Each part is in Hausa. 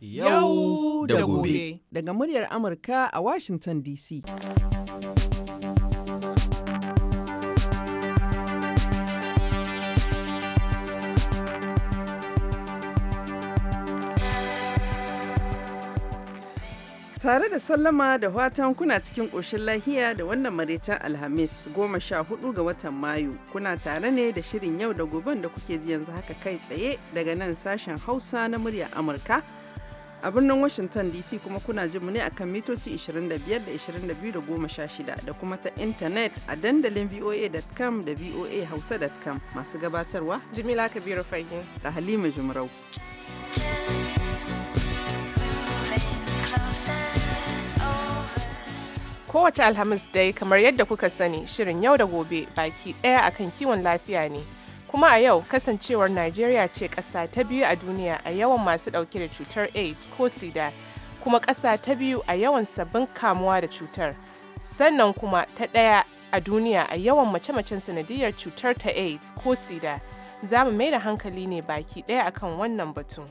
yau da gobe daga muryar amurka a washington dc tare da sallama da watan kuna cikin ƙoshin lahiya da wannan maraicin alhamis goma sha hudu ga watan mayu kuna tare ne da shirin yau da goben da kuke ji yanzu haka kai tsaye daga nan sashen hausa na muryar amurka a birnin Washington DC kuma kuna jin mu ne akan mitoci 25 da 22 da 16 da kuma ta intanet a dandalin voa.com da voahausa.com masu gabatarwa Jimila Kabiru Fage da Halima Jumrau. Kowace Alhamis dai kamar yadda kuka sani shirin yau da gobe baki ɗaya akan kiwon lafiya ne. kuma a yau kasancewar Najeriya ce ƙasa ta biyu a duniya a yawan masu ɗauke da cutar AIDS ko sida kuma ƙasa ta biyu a yawan sabbin kamuwa da cutar sannan kuma ta ɗaya a duniya a yawan mace-macen sanadiyar cutar ta AIDS ko sida za mu mai da hankali ne baki ɗaya akan wannan batun.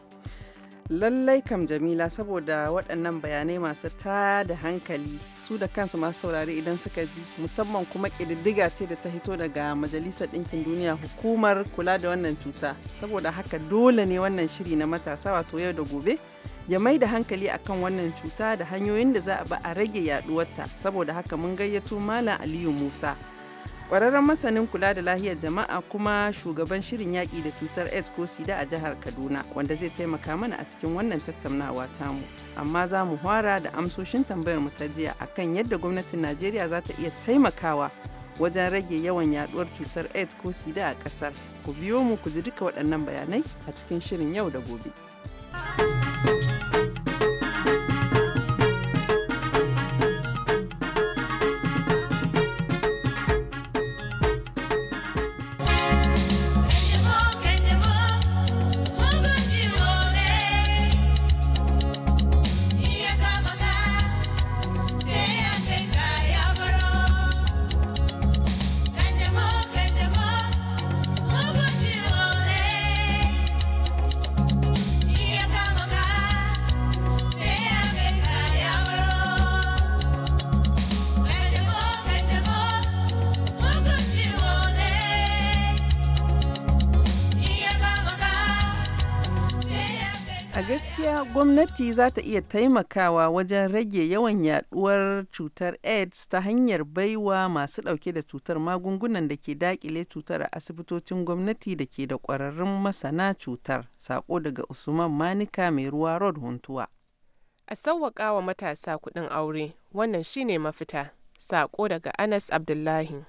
lallai kam jamila saboda waɗannan bayanai masu ta da hankali su da kansu masu saurari idan suka ji musamman kuma ƙididdiga ce da ta hito daga majalisar ɗinkin duniya hukumar kula da wannan cuta saboda haka dole ne wannan shiri na matasa wato yau da gobe ya mai da hankali akan wannan cuta da hanyoyin da za a ba a rage yaɗuwarta saboda haka mun gayyato malam aliyu musa kwararren masanin kula da lahiyar jama'a kuma shugaban shirin yaƙi da cutar AIDS ko SIDA a jihar Kaduna wanda zai taimaka mana a cikin wannan tattaunawa tamu. Amma za mu hwara da amsoshin tambayar mu ta jiya akan yadda gwamnatin Najeriya za ta iya taimakawa wajen rage yawan yaduwar cutar AIDS ko SIDA a ƙasar. Ku biyo mu ku ji duka waɗannan bayanai a cikin shirin yau da gobe. gwamnati za ta iya taimakawa wajen rage yawan yaduwar cutar AIDS ta hanyar baiwa masu ɗauke da cutar magungunan da ke dakile cutar a asibitocin gwamnati da ke da ƙwararrun masana cutar. Sako daga Usman Manika mai ruwa Road Huntuwa. A sauwaka wa matasa kuɗin aure, wannan shine mafita. Sako daga Anas Abdullahi.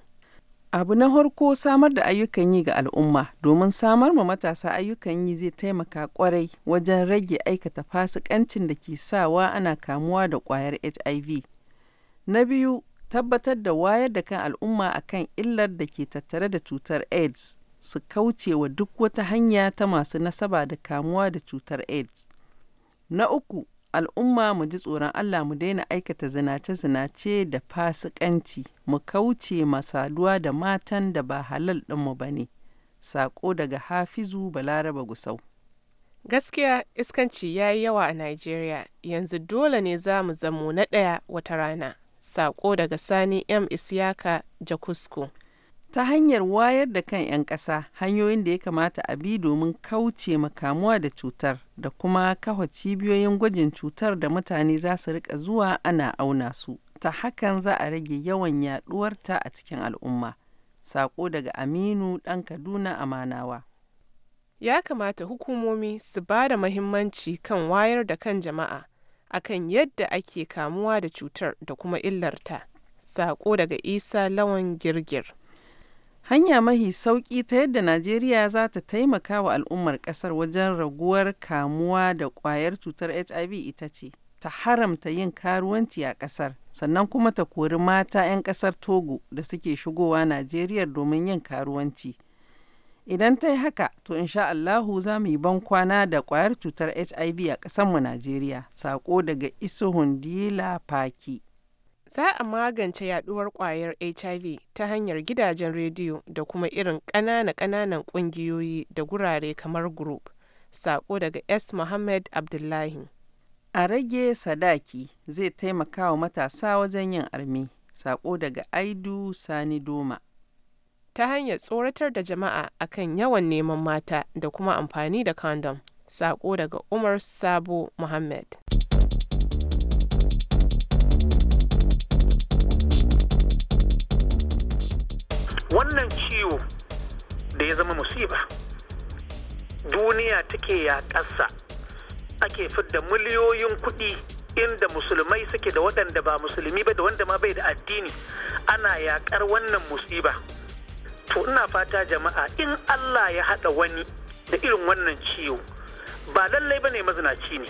Abu na harko samar da ayyukan yi ga al'umma domin samar ma matasa ayyukan yi zai taimaka kwarai wajen rage aikata fasikancin da ke sawa ana kamuwa da kwayar HIV. Na biyu, tabbatar da wayar da kan al'umma akan illar da ke tattare da cutar AIDS su kauce wa duk wata hanya ta masu nasaba da kamuwa da cutar AIDS. Na uku, al'umma mu ji tsoron Allah mu daina aikata zinace-zinace da fasikanci mu kauce ma saduwa da matan da ba halal ɗinmu ba ne sako daga hafizu balaraba gusau gaskiya iskanci ya yi yawa a najeriya yanzu dole ne za mu zamo na ɗaya wata rana saƙo daga sani m isyaka jakusko ta hanyar wayar da kan 'yan ƙasa hanyoyin da ya kamata a bi domin kauce makamuwa da cutar da kuma kafa cibiyoyin gwajin cutar da mutane za su rika zuwa ana auna su ta hakan za a rage yawan yaduwarta a cikin al'umma sako daga aminu ɗan kaduna amanawa ya kamata hukumomi su ba da mahimmanci kan wayar da kan jama'a akan yadda ake kamuwa da cutar da kuma illarta sako daga isa lawan girgir hanya mahi sauƙi ta yadda Najeriya za ta taimaka wa al'ummar ƙasar wajen raguwar kamuwa da ƙwayar cutar HIV ita ce ta haramta yin karuwanci a ƙasar sannan kuma ta kori mata 'yan ƙasar Togo da suke shigowa Najeriya domin yin karuwanci. Idan ta yi haka, to insha Allahu za mu yi ban kwana da ƙwayar cutar HIV a ƙasarmu Najeriya, saƙo daga Isuhun Dila Faki. Za a magance yaduwar kwayar HIV ta hanyar gidajen rediyo da kuma irin ƙanana-ƙananan ƙungiyoyi da gurare kamar Group. Sako daga S. Mohammed Abdullahi. A rage sadaki zai taimaka wa matasa wajen yin armi. Sako daga Aidu Sani Doma. Ta hanyar tsoratar da jama'a akan yawan neman mata da kuma amfani da condom Sako daga Umar Sabo Muhammad. wannan ciwo da ya zama musiba duniya take ya ƙasa ake fidda miliyoyin kuɗi inda musulmai suke da waɗanda ba musulmi ba da wanda ma bai da addini ana yaƙar wannan musiba to ina fata jama'a in allah ya haɗa wani da irin wannan ciwo ba lallai ba ne mazinaci ne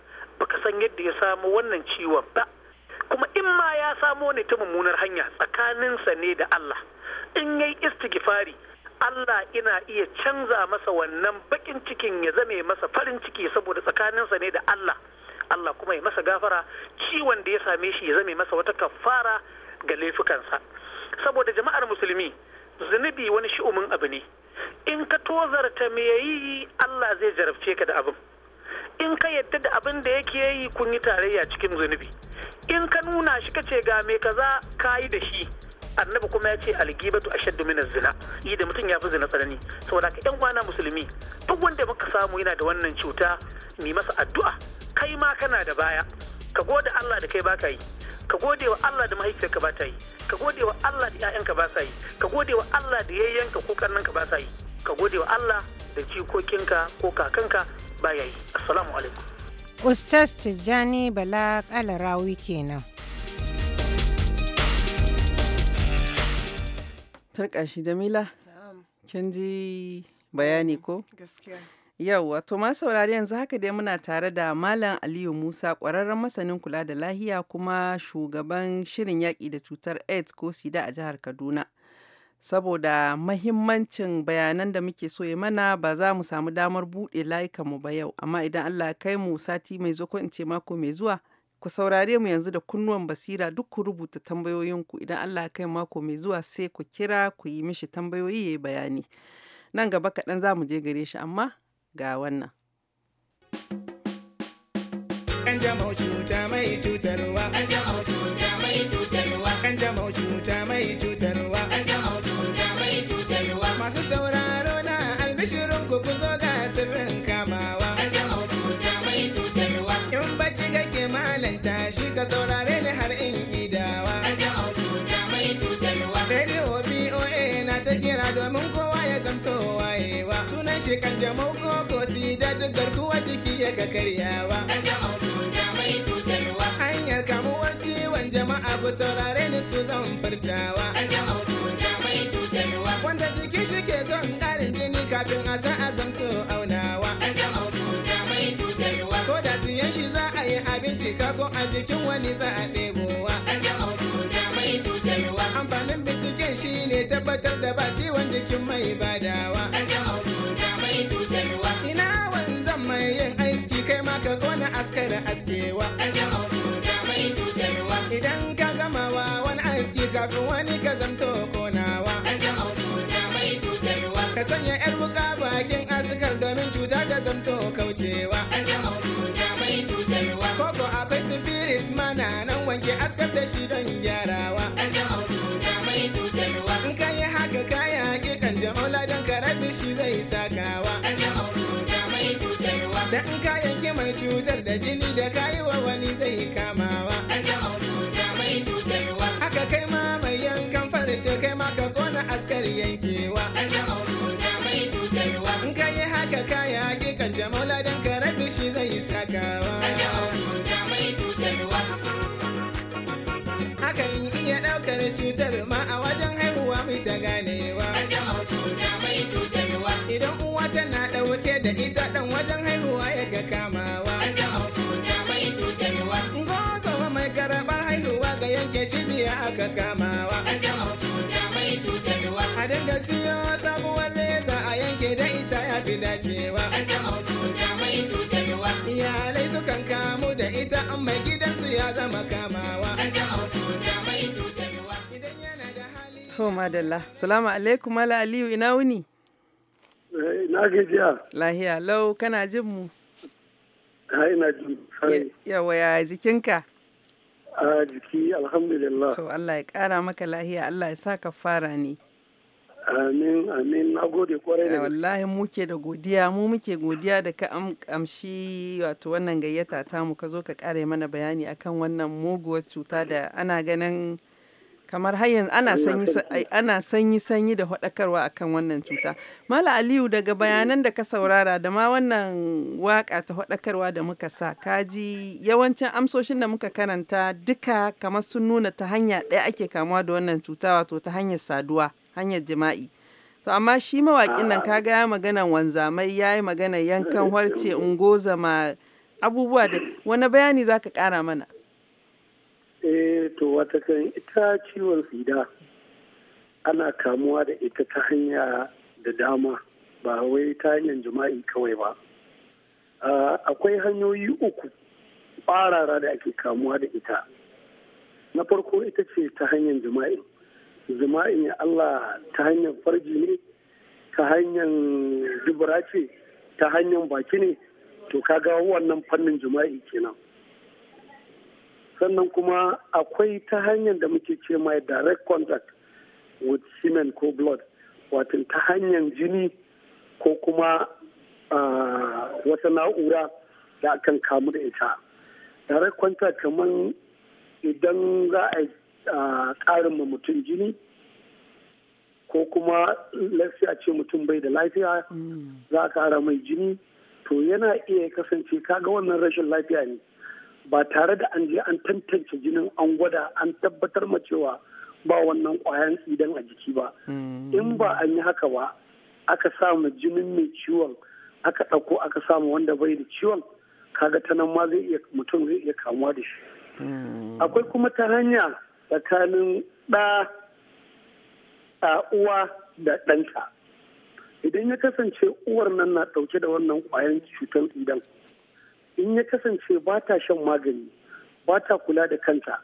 baka san yadda ya samu wannan ciwon ba kuma in ma ya samo ne ta mummunar hanya tsakaninsa ne da Allah in yayi istighfari Allah ina iya canza masa wannan bakin cikin ya zame masa farin ciki saboda tsakaninsa ne da Allah Allah kuma ya masa gafara ciwon da ya same shi ya zame masa wata kafara ga laifukansa saboda jama'ar musulmi zunubi wani shi'umin abu ne in ka tozarta me yayi Allah zai jarabce ka da abin in ka yadda da abin da yake yi kun yi tarayya cikin zunubi in ka nuna shi ka ce ga me kaza ka yi da shi annabi kuma ya ce algibatu ashaddu min zina yi da mutum ya fi zina tsanani saboda ka yan uwana musulmi duk wanda muka samu yana da wannan cuta mi masa addu'a kai ma kana da baya ka gode Allah da kai baka yi ka gode wa Allah da mahaifiyarka ba ta yi ka gode wa Allah da ƴaƴanka ba sa yi ka gode wa Allah da yayyanka ko kannanka ba sa yi ka gode wa Allah da jikokinka ko kakanka ustas tijjani bala kalarawi kenan tarka jamila kin ji bayani ko gaskiya Yawwa, to ma saurari yanzu haka dai muna tare da malam aliyu musa ƙwararren masanin kula da lahiya kuma shugaban shirin yaƙi da cutar aids ko sida a jihar kaduna saboda mahimmancin bayanan da muke so ya mana ba za mu samu damar buɗe mu ba yau amma idan Allah ya kai mu sati mai zuwa ko in ce mako mai zuwa ku saurare mu yanzu da kunnuwan basira duk ku rubuta tambayoyinku idan Allah ya kai mako mai zuwa sai ku kira ku yi mishi tambayoyi yi bayani nan gaba kaɗan za mu je gare shi amma ga wannan Kanjamau cuta mai cutarwa. Kanjamau cuta mai cutarwa. shi kan jamau ko si garkuwa jiki ya ka karyawa. cuta mai Hanyar kamuwar ciwon jama'a ku saurare ni su zan furtawa. cuta mai Wanda jiki shi ke son ƙarin jini kafin a sa azamto aunawa. cuta mai Ko da siyan shi za a yi abin ka ko a jikin wani za a ɗebowa. cuta mai Amfanin binciken shi ne tabbatar da ba ciwon jikin mai badawa. kafin wani ka zamto konawa ƙanjamau cuta mai cutarwa ka sanya yar wuka bakin asikar domin cuta ta zamto kaucewa ƙanjamau cuta mai cutarwa koko akwai spirit mana nan wanke askar da shi don gyarawa ƙanjamau cuta mai cutarwa in ka yi haka ka yaƙi ƙanjamau ladan ka rabi shi zai sakawa ƙanjamau cuta mai cutarwa da in ka yanke mai cutar da jini da kayi wa wani zai cutar ma a wajen haihuwa mai ta ganewa idan uwa tana ɗauke da ita ɗan wajen haihuwa ya ga kamawa gozawa mai karabar haihuwa ga yanke cibiya aka kamawa a dinga siyo sabuwar leza a yanke da ita ya fi dacewa iyalai sukan kamu da ita mai gidansu ya zama kamawa To madalla. Salamu alaikum ala Aliyu ina wuni? Eh, ina gajiya. Lahiya lau kana jin mu? Ha ina jin. Yawa ya jikinka? A jiki alhamdulillah. To Allah ya kara maka lahiya Allah ya sa ka fara ne. Amin amin na gode kwarai da wallahi muke da godiya mu muke godiya da ka amshi wato wannan gayyata ta mu ka zo ka kare mana bayani akan wannan muguwar cuta da ana ganin kamar har yanzu ana sanyi sanyi sanyi da hadakarwa akan wannan cuta mala aliyu daga bayanan da ka saurara da ma wannan waka ta haɗakarwa da muka sa kaji yawancin amsoshin da muka karanta duka kamar sun nuna ta hanya ɗaya ake kamuwa da wannan cuta wato ta hanyar saduwa hanyar jima'i to amma shi mawaƙin nan kaga ya magana wanzamai ya yi magana yankan harce ungozama abubuwa da wani bayani zaka kara mana to to kan ita ciwon sida ana kamuwa da ita ta hanya da dama ba wai ta hanyar jima'i kawai ba akwai hanyoyi uku ƙwarara da ake kamuwa da ita na farko ita ce ta hanyar jima'i jima'i Allah ta hanyar farji ne ta hanyar dubura ce ta hanyar baki ne to kaga wannan fannin jima'i kenan sannan kuma akwai ta hanyar da muke ce mai direct contact with semen ko blood wato ta hanyar jini ko kuma wata na'ura da akan kamu da ita direct contact kamar idan za a ƙarin ma mutum jini ko kuma lafiya a ce mutum bai da lafiya mm. za a ƙara mai jini to yana iya kasance kaga wannan rashin lafiya ne ba tare da an je an tantance jinin an gwada an tabbatar ma cewa ba wannan kwayan tsidan a jiki ba mm. in ba an yi haka ba aka samu jinin mai ciwon aka ɗauko aka samu wanda bai da ciwon kaga ta nan ma zai iya mutum zai iya kamuwa da shi mm. akwai kuma ta hanya tsakanin ɗa a uwa da ɗanta idan ya kasance uwar nan na ɗauke da wannan kwayan cutar idan in ya kasance ba ta shan magani ba ta kula da kanta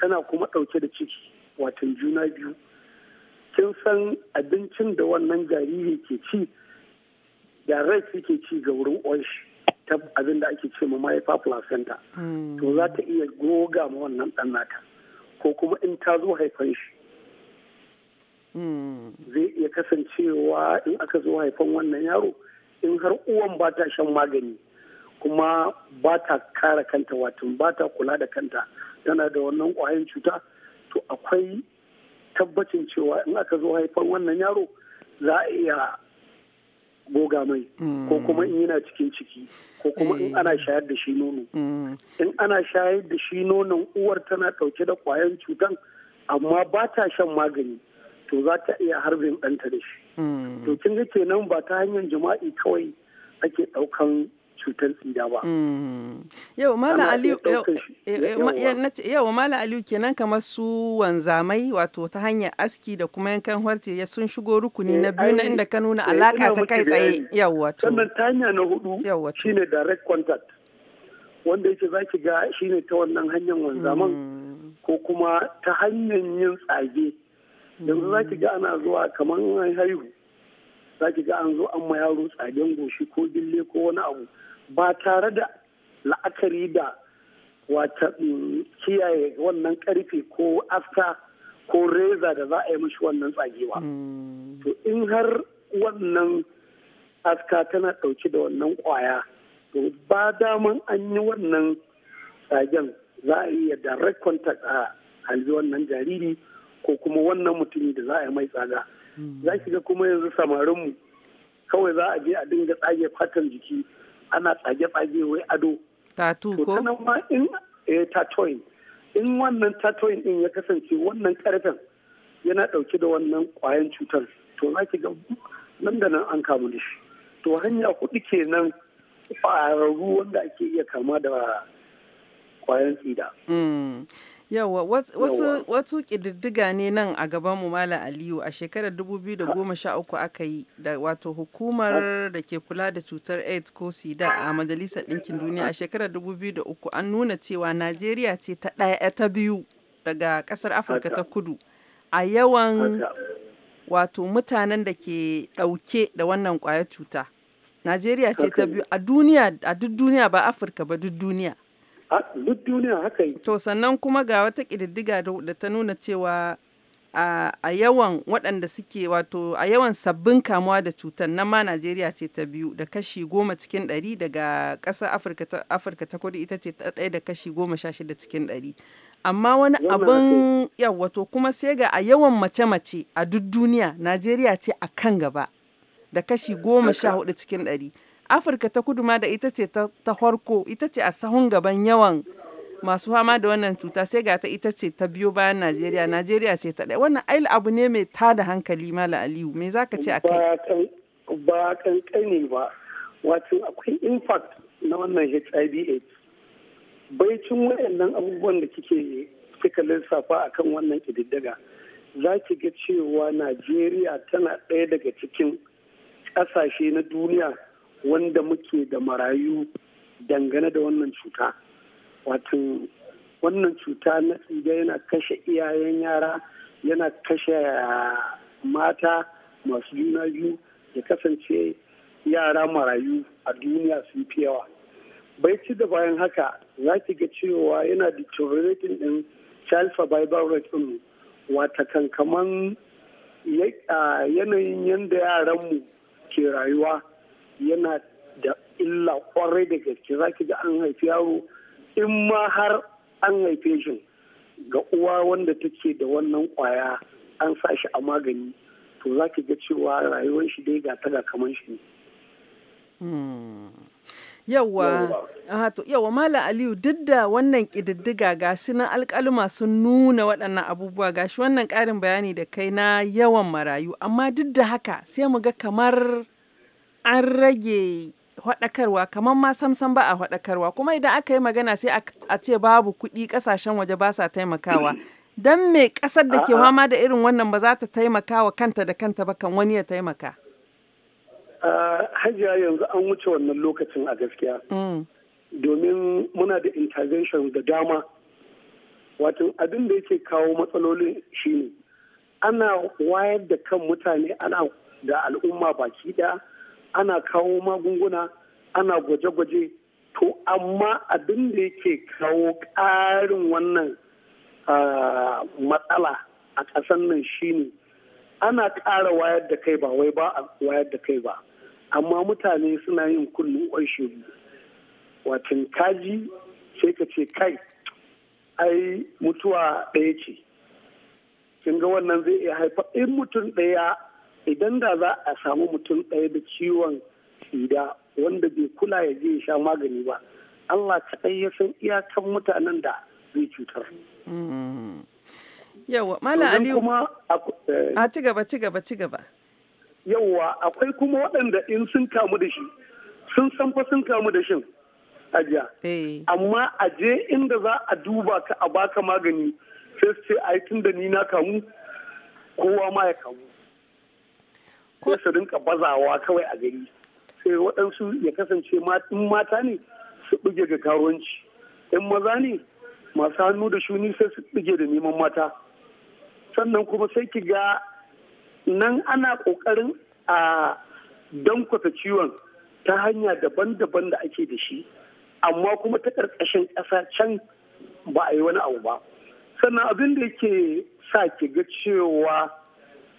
tana kuma ɗauke da ciki watan juna biyu kin san abincin da wannan jariri ke ci da rai ke ci ga wurin shi ta abin da ake ce ma mahaifa placenta mm. to za ta iya goga ma wannan ɗan nata ko kuma in ta zo haifan shi mm. zai iya kasancewa in aka zo haifan wannan yaro in har uwan ba ta shan magani kuma ba ta kare kanta wato ba ta kula da kanta tana da wannan kwayan cuta to akwai tabbacin cewa in aka zo haifar wannan yaro za a iya goga mai ko kuma in yana cikin ciki ko kuma in ana eh. shayar da shi nono mm. in ana shayar da shi nonon uwar tana ɗauke da kwayan cutan amma ba ta shan magani to za ta iya harbin ɗanta da shi mm. to kin ga kenan ba ta hanyar jima'i kawai ake ɗaukan cutar sida ba. Mm. Yau Mala Aliyu yau eh, eh, Mala Aliyu kenan kamar su wanzamai wato ta hanyar aski da kuma yankan harce sun shigo rukuni na eh, biyu na inda ka nuna alaka ta kai tsaye yau wato. Sannan ta hanya na hudu shine direct contact wanda yake za ki ga shine ta wannan hanyar wanzaman mm. ko kuma ta hanyar yin tsage. Yanzu za ki ga ana zuwa kamar haihu. za ki ga an zo an ma yaro tsagen goshi ko gille ko wani abu ba tare da la'akari da wata mm, kiyaye wannan karfe ko aska ko reza da za a yi mashi wannan tsagewa hmm. to in har wannan aska tana ɗauke da wannan ƙwaya to ba daman an yi wannan tsagen za a iya direct contact a halbi wannan jariri ko kuma wannan mutumi da za a yi mai tsaga hmm. za ki ga kuma yanzu samarinmu kawai za a je a dinga tsage fatan jiki ana tsage-tsage wai ado tatu ko ma in eh tatoin in wannan tatoin din ya kasance wannan karfen yana dauke da wannan kwayan cutar to na ki ga nan da nan an kamu da shi to hanya hudu kenan fararru wanda ake iya kama da kwayan tsida mm. Yawa wasu ƙididdiga ne nan a gaban mu Malam Aliyu a shekarar 2013 aka yi da wato hukumar da ke kula da cutar AIDS ko SIDA a Majalisar Ɗinkin Duniya a shekarar 2003 an nuna cewa Najeriya ce ta ɗaya ta biyu daga ƙasar Afirka ta Kudu a yawan wato mutanen da ke ɗauke da wannan ƙwayar cuta. Najeriya ce ta biyu a duniya duk duniya ba Afirka ba duk duniya. duk duniya haka yi. To sannan kuma ga wata ƙididdiga da ta nuna cewa a yawan waɗanda suke wato a yawan sabbin kamuwa da cutar nan ma Najeriya ce ta biyu da kashi goma cikin ɗari daga ƙasar Afirka ta kudu ita ce ta ɗaya da kashi goma sha shida cikin ɗari. Amma wani abin wato kuma sai ga a yawan mace-mace a duk duniya Najeriya ce a kan gaba da kashi goma sha hudu cikin ɗari. afirka ta kudu ma da ita ce ta farko ita ce a sahun gaban yawan masu fama da wannan cuta sai ga ta ita ce ta biyo bayan najeriya najeriya ce ta ɗaya wannan ail abu ne mai tada hankali mala aliyu me za ce a kai ba kankani ba wato akwai impact na wannan hiv baicin wayannan abubuwan da kike kika lissafa akan wannan ƙididdiga za ki ga cewa najeriya tana ɗaya daga cikin ƙasashe na duniya wanda muke da marayu dangane da wannan cuta wato wannan cuta na tsida yana kashe iyayen yara yana kashe ah, mata masu juna biyu ya kasance yara marayu a duniya sun fi yawa bai ci da bayan haka za ki ga cewa yana deteriorating din child survival rate din wata kankaman ah, yanayin yadda yaranmu ke rayuwa yana da illa kwarai da gaske za ki ga an haifi yaro in ma har an haife shi ga uwa wanda take da wannan kwaya an sa shi a magani to za ki ga cewa rayuwar shi dai ga taga kamar shi ne. Hmm. Yawwa, Mala Aliyu duk da wannan kididdiga ga shi nan alƙaluma sun nuna waɗannan abubuwa ga shi wannan ƙarin bayani da kai na yawan marayu amma duk da haka sai mu ga kamar an rage haɗakarwa kamar ma samsam ba a haɗakarwa kuma idan aka yi magana sai a ce babu kuɗi ƙasashen waje ba sa taimakawa don me ƙasar da ke fama da irin wannan ba za ta taimaka wa kanta da kanta ba kan wani ya taimaka hajiya yanzu an wuce wannan lokacin a gaskiya mm. domin muna da intervention da dama wato abin da yake kawo matsalolin shine ana wayar da kan mutane ana da al'umma baki ɗaya ana kawo magunguna ana gwaje-gwaje to amma abin da yake kawo ƙarin wannan matsala a ƙasan nan shine ana ƙara wayar da kai ba wai ba a wayar da kai ba amma mutane suna yin kullum ƙwanshin watan kaji sai ka ce kai ai mutuwa ɗaya ce kin ga wannan zai iya haifar in mutum ɗaya idan da za a samu mutum ɗaya da ciwon sida wanda bai kula ya je ya sha magani ba Allah kaɗai ya san iyakan mutanen da zai cutar. Mm. Yawa, Mala Aliyu, eh, a ci gaba, ci gaba, ci gaba. Yawa, akwai kuma waɗanda in sun kamu da shi, sun san fa sun kamu da shin ajiya. Eh. Amma a je inda za a duba ka a baka magani, sai su ce ai tun da ni na kamu, kowa ma ya kamu. ko su rinka bazawa kawai a gari sai waɗansu ya kasance in mata ne su buge ga karuwanci in maza ne masu hannu da shuni sai su buge da neman mata sannan kuma sai ki ga nan ana ƙoƙarin a dankwata ciwon ta hanya daban-daban da ake da shi amma kuma ta ƙarƙashin ƙasa can ba a yi wani abu ba sannan abin da yake sa ki ga cewa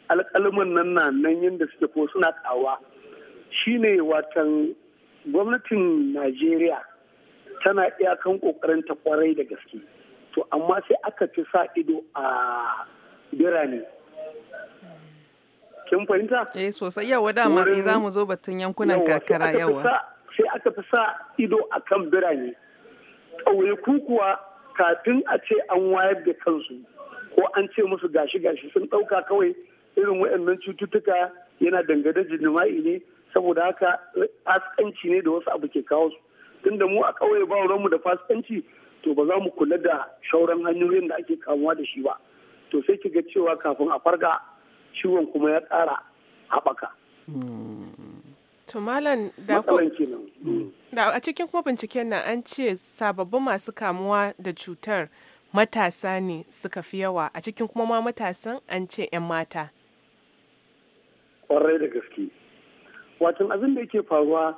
alƙalmin nan na nan yadda suke ko suna shine watan gwamnatin najeriya tana iyakan kokarin ta kwarai da gaske to amma sai aka fi sa ido a birane kin fahimta? eh sosai yawa dama sai eh, za mu zo batun yankunan karkara yawa sai aka fi sa ido a kan birane ƙauye kuwa kafin a ce an wayar da kansu ko an ce musu gashi gashi sun ɗauka kawai irin waɗannan cututtuka yana dangane da jima'i ne saboda haka eh, fasikanci ne da wasu abu ke kawo su tunda mu a ƙauye ba mu da fasikanci to ba za mu kula da shauran hanyoyin da ake kamuwa da shi ba to sai kiga cewa kafin a farga ciwon kuma ya ƙara haɓaka. Tumalan da mm. da a cikin kuma binciken nan an ce sababbin masu kamuwa da cutar matasa ne suka fi yawa a cikin kuma ma matasan an ce 'yan mata. kwarai da gaske watan abin da yake faruwa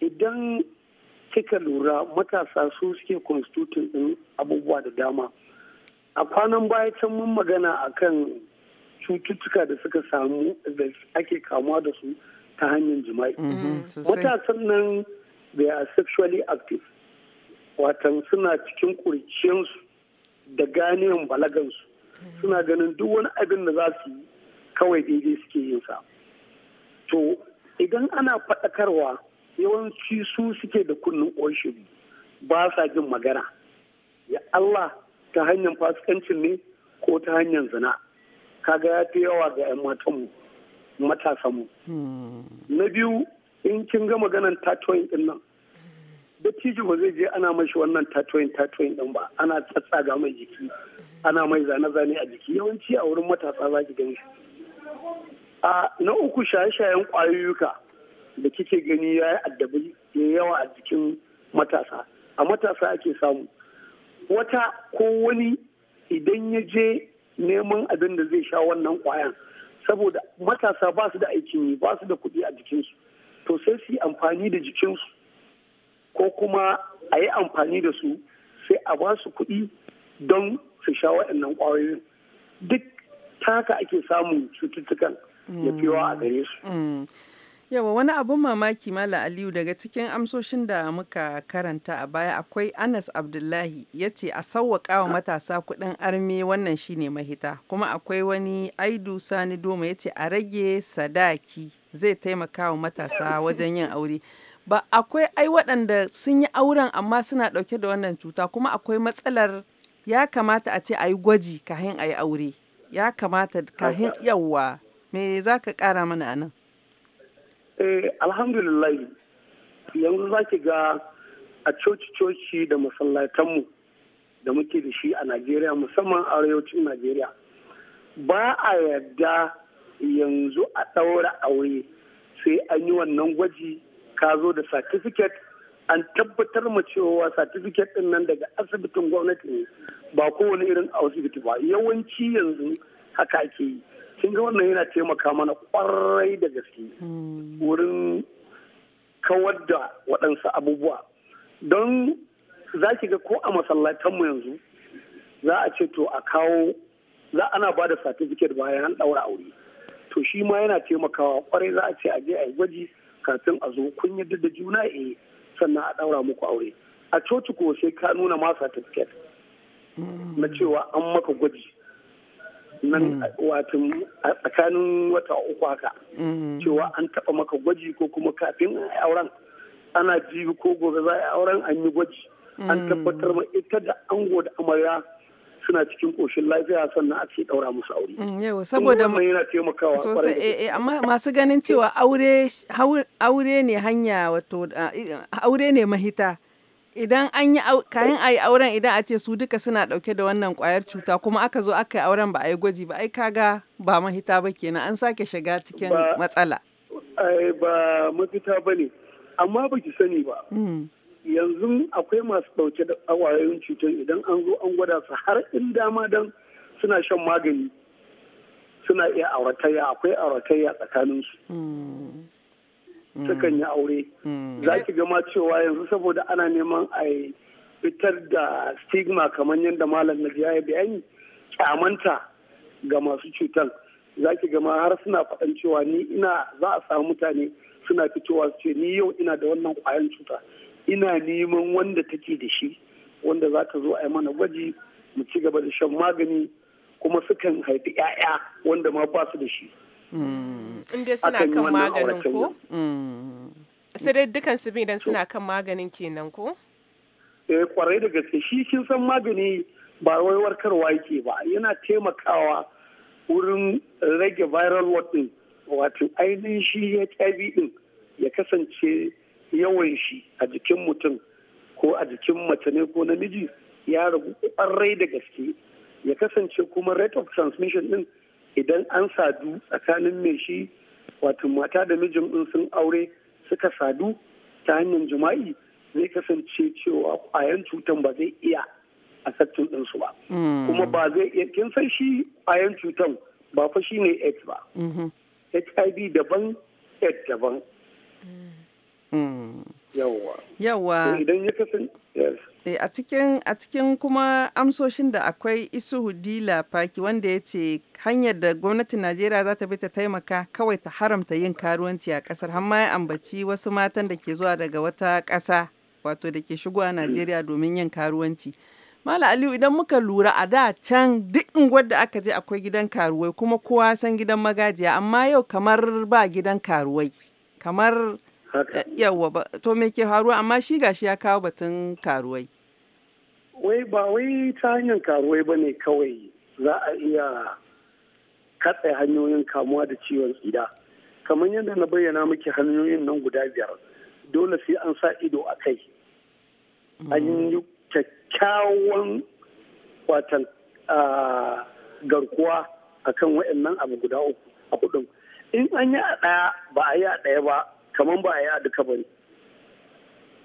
idan kika lura matasa su suke constitutin din abubuwa da dama a kwanan baya can mun magana akan cututtuka da suka samu da ake kamuwa da su ta hanyar jima'i mm-hmm, matasan nan they are sexually active watan suna cikin kurciyarsu da ganiyan balagansu mm-hmm. suna ganin duk wani abin da za su yi kawai daidai suke yin sa. to idan ana faɗakarwa yawanci su suke da kunnen ƙoshiri ba sa jin magana ya Allah ta hanyar fasikancin ne ko ta hanyar zina kaga ya fi yawa ga 'yan matanmu matasanmu hmm. na biyu in kin ga maganan tatoyin din nan da ba zai je ana mashi wannan tatoyin tatoyin din ba ana tsatsaga mai jiki ana mai zane-zane a jiki yawanci a wurin matasa za ki gan a na uku shaye-shayen ƙwayoyuka da kike gani ya yi addabi da yawa a jikin matasa a matasa ake samu wata ko wani idan ya je neman abin da zai sha wannan ƙwayan saboda matasa ba su da aikin yi ba su da kuɗi a jikinsu to sai su yi amfani da jikinsu ko kuma a yi amfani da su sai a ba su kuɗi don su sha waɗannan ƙwayoyin duk ta haka ake samun cututtukan ya fiwa a mm. gare su. Mm. Yawa wani abun mamaki Malam Aliyu daga cikin amsoshin da muka karanta a baya akwai Anas Abdullahi ya ce a sauwaƙa wa matasa kuɗin arme wannan shine mahita kuma akwai wani Aidu Sani Doma ya ce a rage sadaki zai taimaka wa matasa wajen yin aure. Ba akwai ai waɗanda sun yi auren amma suna ɗauke da wannan cuta kuma akwai matsalar ya kamata a ce a yi gwaji kahin a yi aure. Ya kamata kahin yawwa me za ka kara mana a nan eh alhamdulillah yanzu za ki ga a coci-coci da masallatanmu da muke da shi a najeriya musamman a arewacin najeriya ba a yarda yanzu a ɗaura aure sai an yi wannan gwaji ka zo da satifiket an tabbatar ma cewa satifiket din nan daga asibitin gwamnati ne ba kowane irin asibiti ba yawanci yanzu haka ake yi kin ga wannan yana taimaka mana kwarai da gaske hmm. wurin kawar da waɗansu abubuwa don za ki ga ko a masallatanmu yanzu za a ce to a kawo za ana ba da certificate bayan an ɗaura aure to shi ma yana taimakawa kwarai za a ce a je a yi gwaji kafin a zo kun yadda da juna eh sannan a ɗaura muku aure a coci ko sai ka nuna ma certificate hmm. na cewa an maka gwaji nan mm. wato a tsakanin wata uku haka mm-hmm. cewa an taɓa maka gwaji ko kuma kafin auren ana jibi ko gobe za a auren an yi gwaji an mm. tabbatar ma ita da ango da amarya suna cikin koshin lafiya sannan a ce daura musu aure. Mm, Yawa saboda yana taimakawa sosai eh, eh amma masu ganin cewa aure aure ne hanya wato ah, aure ne mahita. idan an yi kayan a yi auren idan a ce su duka suna dauke da wannan kwayar cuta kuma aka zo aka yi auren ba a yi gwaji ba ai kaga ba mahita ba kenan an sake shiga cikin matsala ba mafita ba ne amma ba ki sani ba hmm. yanzu akwai masu dauke da kwayoyin cutar idan an zo an gwada su har in dama dan suna shan magani suna iya auratayya akwai auratayya tsakanin su. Hmm. Mm. sukan yi aure mm. za ki gama cewa yanzu saboda ana neman a fitar da stigma kamar yadda malam biya ya bayani kyamanta ga masu cutar za ki gama har suna faɗan cewa ni ina za a samu mutane suna fitowa su ce ni yau ina da wannan ƙwayan cuta ina neman wanda take da shi wanda za ta zo a yi mana gwaji mu ci gaba da shan magani kuma sukan haifi 'ya'ya wanda ma ba su da shi inda suna kan maganin ko mm. sai dai dukan su idan suna kan maganin kenan ko eh kwarai da gaske shi kin san magani ba wai warkarwa yake ba yana taimakawa wurin rage viral load din wato ainihin shi HIV din ya kasance yawan shi a jikin mutum ko a jikin mace ne ko namiji ya ragu kwarai da gaske ya kasance kuma rate of transmission din idan an sadu tsakanin mai shi wato mata da mijin din sun aure suka sadu ta hanyar jima'i zai kasance cewa kwayan cutan ba zai iya a sattun ɗinsu ba mm. kuma ba zai iya kin san shi kwayan cutan ba fa shi ne aids ba hiv mm-hmm. daban aids daban mm. Mm. yawwa yawwa idan ya kasance Eh, a cikin a cikin kuma amsoshin da akwai isuhu dila faki wanda ya ce hanyar da gwamnatin najeriya za ta bi ta taimaka kawai ta haramta yin karuwanci a kasar har ma ya ambaci wasu matan da ke zuwa daga wata kasa wato da ke shigowa mm. najeriya domin yin karuwanci Mala Aliyu idan muka lura a da can duk unguwar da aka je akwai gidan karuwai kuma kowa san gidan magajiya amma yau kamar ba gidan karuwai kamar eh, yawa to me ke haruwa amma shi gashi ya kawo batun karuwai. wai ba wai ta hanyar karuwai ba ne kawai za a iya katse hanyoyin kamuwa da ciwon tsida kamar yadda na bayyana miki hanyoyin nan guda biyar dole sai an sa ido a kai an mm. yi kyakkyawan watan garkuwa a kan waɗannan abu guda uku a hudun in an yi a ɗaya ba a yi a ɗaya ba kamar ba a yi a duka ba ne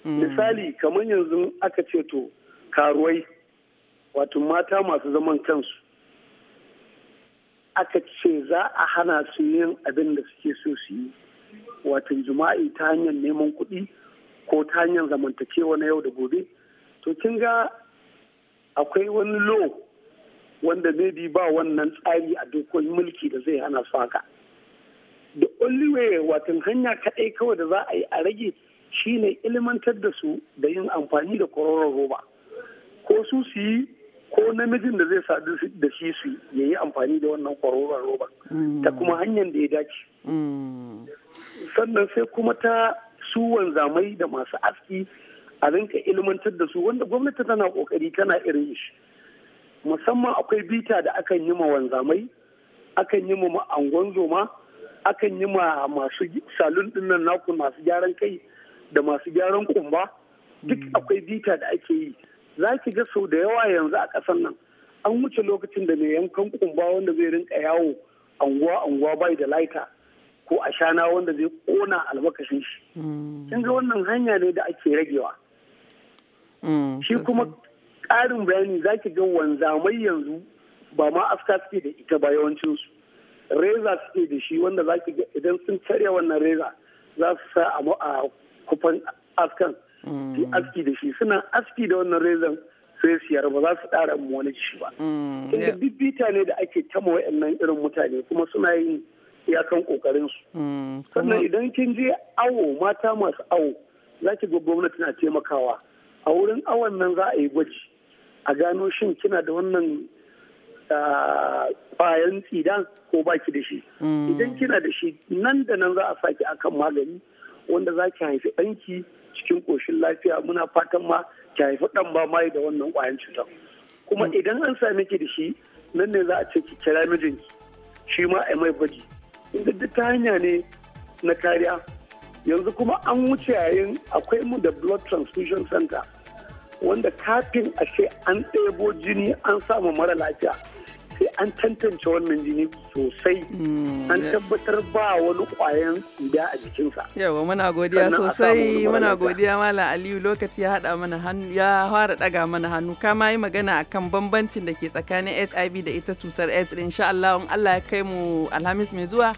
mm. misali kamar yanzu aka ce to karuwai wato mata masu zaman kansu aka ce za a hana su yin abin da suke so su yi wato jima'i ta hanyar neman kuɗi ko ta hanyar zamantakewa na yau da gobe to kin ga akwai wani lo wanda bi ba wannan tsari a dokokin mulki da zai hana su haka da only way watan hanya kaɗai kawai da za a yi a rage shine ilmantar da su da yin amfani da kororon roba ko su su yi ko namijin da zai sadu da shi su ya yi amfani da wannan kwaroron roba ta mm. kuma hanyar da ya dace mm. sannan sai kuma ta su wanzamai da masu aski a rinka ilmantar da su wanda gwamnati tana kokari tana irin shi musamman akwai bita da akan yi ma wanzamai akan yi ma angon zoma akan yi ma masu ɗinnan dinnan naku masu gyaran kai da masu gyaran kumba duk mm. akwai bita da ake yi za ki ga sau da yawa yanzu a ƙasar nan an wuce lokacin da mai yankan kumba wanda zai rinka yawo anguwa anguwa bai da laita ko a shana wanda zai ƙona albakashin shi mm. kin ga wannan hanya ne da ake ragewa mm, shi kuma ƙarin bayani za ki ga wanzamai yanzu ba ma aska suke da ita ba yawancinsu reza suke da shi wanda za ki ga idan sun tare wannan reza za su sa a kufan askan Mm. su aski da shi suna aski da wannan rezan sai siyar ba za su ƙara mu wani shi ba. Inda mm. bibita ne da ake tama wa'annan irin mutane kuma suna yin iyakan ƙoƙarin su. Mm, Sannan idan kin je awo mata masu awo za ki ga gwamnati na taimakawa. A wurin awon nan za a yi gwaji a gano shin kina da wannan kwayan ah, tsida ko baki da shi. Idan kina da shi nan da nan za a saki akan magani wanda za ki haifi ɗanki. cikin koshin lafiya muna fatan ma ki haifi ɗan ba mai da wannan ƙwayan cutar kuma mm. idan an sami ki da shi nan ne za a ce ki kira mijinki shi ma a mai baji inda duk ta hanya ne na kariya yanzu kuma an wuce yayin akwai mu da blood transfusion center wanda kafin a ce an ɗebo jini an samu mara lafiya sai an tantance wannan jini sosai mm, an tabbatar ba wani kwayan da a jikinsa yawa muna godiya sosai muna godiya mala aliyu lokaci ya haɗa mana hannu ya fara ɗaga mana hannu kama yi magana akan bambancin da ke tsakanin hiv da ita cutar aids insha Allah in Allah ya kai mu alhamis mai zuwa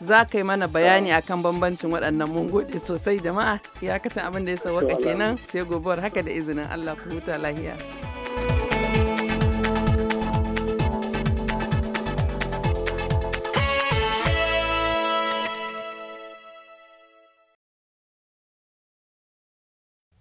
za ka yi mana bayani akan bambancin waɗannan mun gode sosai jama'a ya kacin abin da ya sauwaka kenan sai gobawar haka da izinin Allah ku huta lahiya.